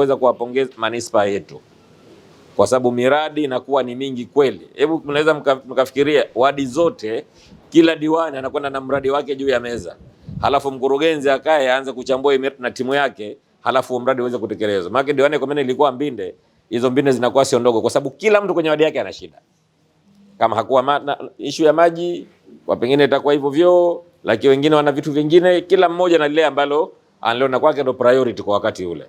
kuweza kuwapongeza manispaa yetu, kwa sababu miradi inakuwa ni mingi kweli. Hebu mnaweza mkafikiria wadi zote, kila diwani anakwenda na mradi wake juu ya meza, halafu mkurugenzi akaye aanze kuchambua na timu yake, halafu mradi uweze kutekelezwa. Maana diwani kwa mimi ilikuwa Mbinde, hizo Mbinde zinakuwa sio ndogo, kwa sababu kila mtu kwenye wadi yake ana shida. Kama hakuwa issue ya maji, kwa pengine itakuwa hivyo vyo, lakini wengine wana vitu vingine, kila mmoja na lile ambalo analiona kwake ndo priority kwa wakati ule.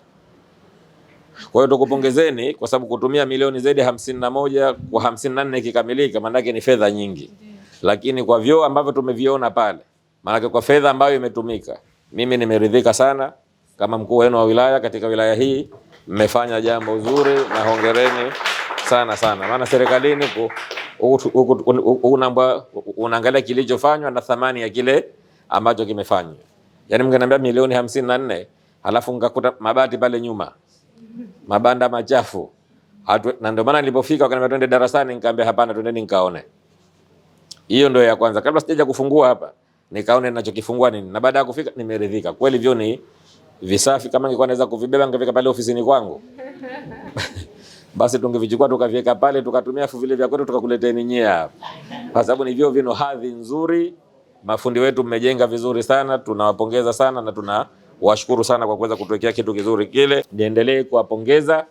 Kwa hiyo tukupongezeni kwa sababu kutumia milioni zaidi ya hamsini na moja kwa hamsini na nne ikikamilika, maanake ni fedha nyingi Lakini kwa vyoo ambavyo tumeviona pale, maanake kwa fedha ambayo imetumika, mimi nimeridhika sana kama mkuu wenu wa wilaya katika wilaya hii, mmefanya jambo zuri na hongereni sana sana, maana serikalini unaangalia kilichofanywa na thamani ya kile ambacho kimefanywa. Yaani mngeniambia milioni hamsini na nne halafu nikakuta mabati pale nyuma mabanda machafu hatu, na ndio maana nilipofika wakaniambia twende darasani, nikaambia hapana, twendeni nikaone. Hiyo ndio ya kwanza, kabla sijaja kufungua hapa nikaone ninachokifungua nini, na baada ya kufika nimeridhika kweli, vyo ni visafi. Kama ningekuwa naweza kuvibeba ningeweka pale ofisini kwangu basi tungevichukua tukaviweka pale tukatumia vile vya kwetu tukakuletea nyie hapa, kwa sababu ni vyo vino hadhi nzuri. Mafundi wetu mmejenga vizuri sana, tunawapongeza sana na tuna washukuru sana kwa kuweza kutuwekea kitu kizuri kile. Niendelee kuwapongeza,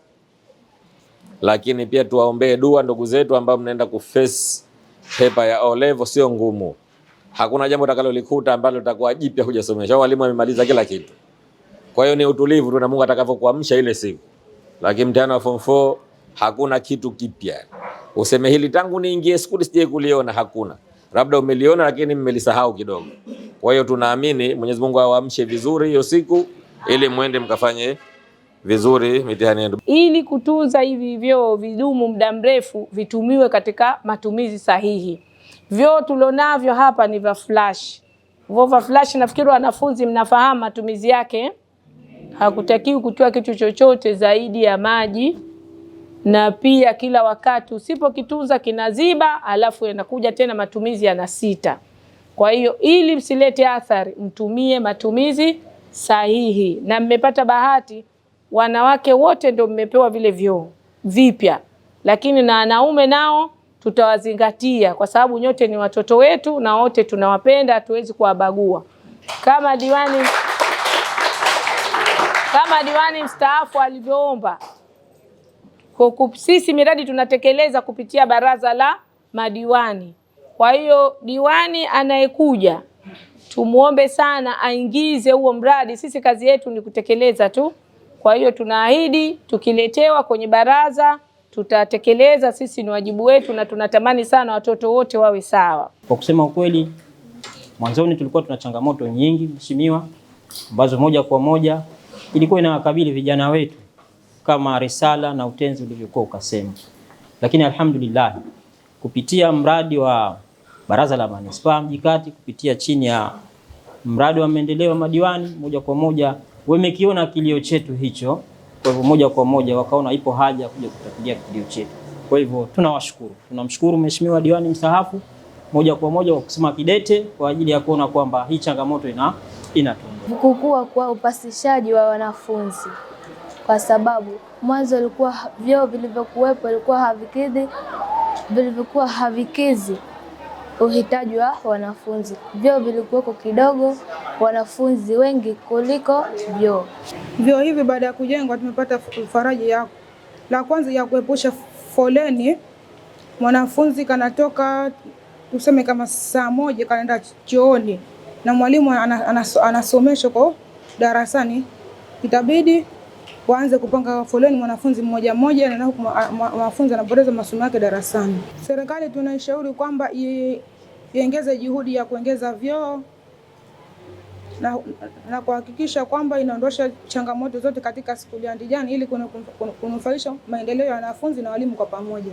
lakini pia tuwaombee dua ndugu zetu ambao mnaenda kuface pepa ya O level. Sio ngumu, hakuna jambo utakalolikuta ambalo litakuwa jipya hujasomesha. Walimu wamemaliza kila kitu, kwa hiyo ni utulivu tu na Mungu atakavyokuamsha ile siku. Lakini mtihani wa form 4 hakuna kitu kipya, useme hili tangu niingie skuli sijai kuliona. Hakuna, labda umeliona lakini mmelisahau kidogo. Kwa hiyo tunaamini Mwenyezi Mungu awaamshe vizuri hiyo siku, ili mwende mkafanye vizuri mitihani yenu, ili kutunza hivi vyoo vidumu muda mrefu, vitumiwe katika matumizi sahihi. Vyoo tulionavyo hapa ni vya flash. Vyoo vya flash, nafikiri wanafunzi mnafahamu matumizi yake. Hakutakiwi kutoa kitu chochote zaidi ya maji, na pia kila wakati usipokitunza kinaziba, alafu yanakuja tena matumizi yanasita. Kwa hiyo ili msilete athari, mtumie matumizi sahihi. Na mmepata bahati, wanawake wote ndio mmepewa vile vyoo vipya, lakini na wanaume nao tutawazingatia kwa sababu nyote ni watoto wetu na wote tunawapenda, hatuwezi kuwabagua. Kama diwani kama diwani mstaafu alivyoomba, sisi miradi tunatekeleza kupitia baraza la madiwani. Kwa hiyo diwani anayekuja tumuombe sana aingize huo mradi. Sisi kazi yetu ni kutekeleza tu. Kwa hiyo tunaahidi tukiletewa kwenye baraza tutatekeleza, sisi ni wajibu wetu, na tunatamani sana watoto wote wawe sawa. Kwa kusema ukweli, mwanzoni tulikuwa tuna changamoto nyingi mheshimiwa, ambazo moja kwa moja ilikuwa inawakabili vijana wetu kama risala na utenzi ulivyokuwa ukasema, lakini alhamdulillah kupitia mradi wa Baraza la Manispaa Mji Kati kupitia chini ya mradi wa maendeleo madiwani, moja kwa moja wamekiona kilio chetu hicho, kwa hivyo moja kwa moja wakaona ipo haja kuja kutatulia kilio chetu. Kwa hivyo tunawashukuru, tunamshukuru Mheshimiwa diwani mstaafu moja kwa moja kwa kusema kidete kwa ajili ya kuona kwamba hii changamoto ina inatundwa. Kukua kwa upasishaji wa wanafunzi kwa sababu mwanzo ilikuwa vyoo vilivyokuwepo ilikuwa havikidhi vilivyokuwa havikizi uhitaji wa wanafunzi. Vyoo vilikuweko kidogo, wanafunzi wengi kuliko vyoo. Vyoo hivi baada ya kujengwa tumepata faraja ya la kwanza ya kuepusha foleni. Mwanafunzi kanatoka tuseme kama saa moja kanaenda chooni na mwalimu anasomeshwa kwa darasani, itabidi waanze kupanga foleni mwanafunzi mmoja mmoja, na huku mwanafunzi anapoteza masomo yake darasani. Serikali tunaishauri kwamba iongeze juhudi ya kuongeza vyoo na, na kuhakikisha kwamba inaondosha changamoto zote katika skuli ya Ndijani ili kunufaisha maendeleo ya wanafunzi na walimu kwa pamoja.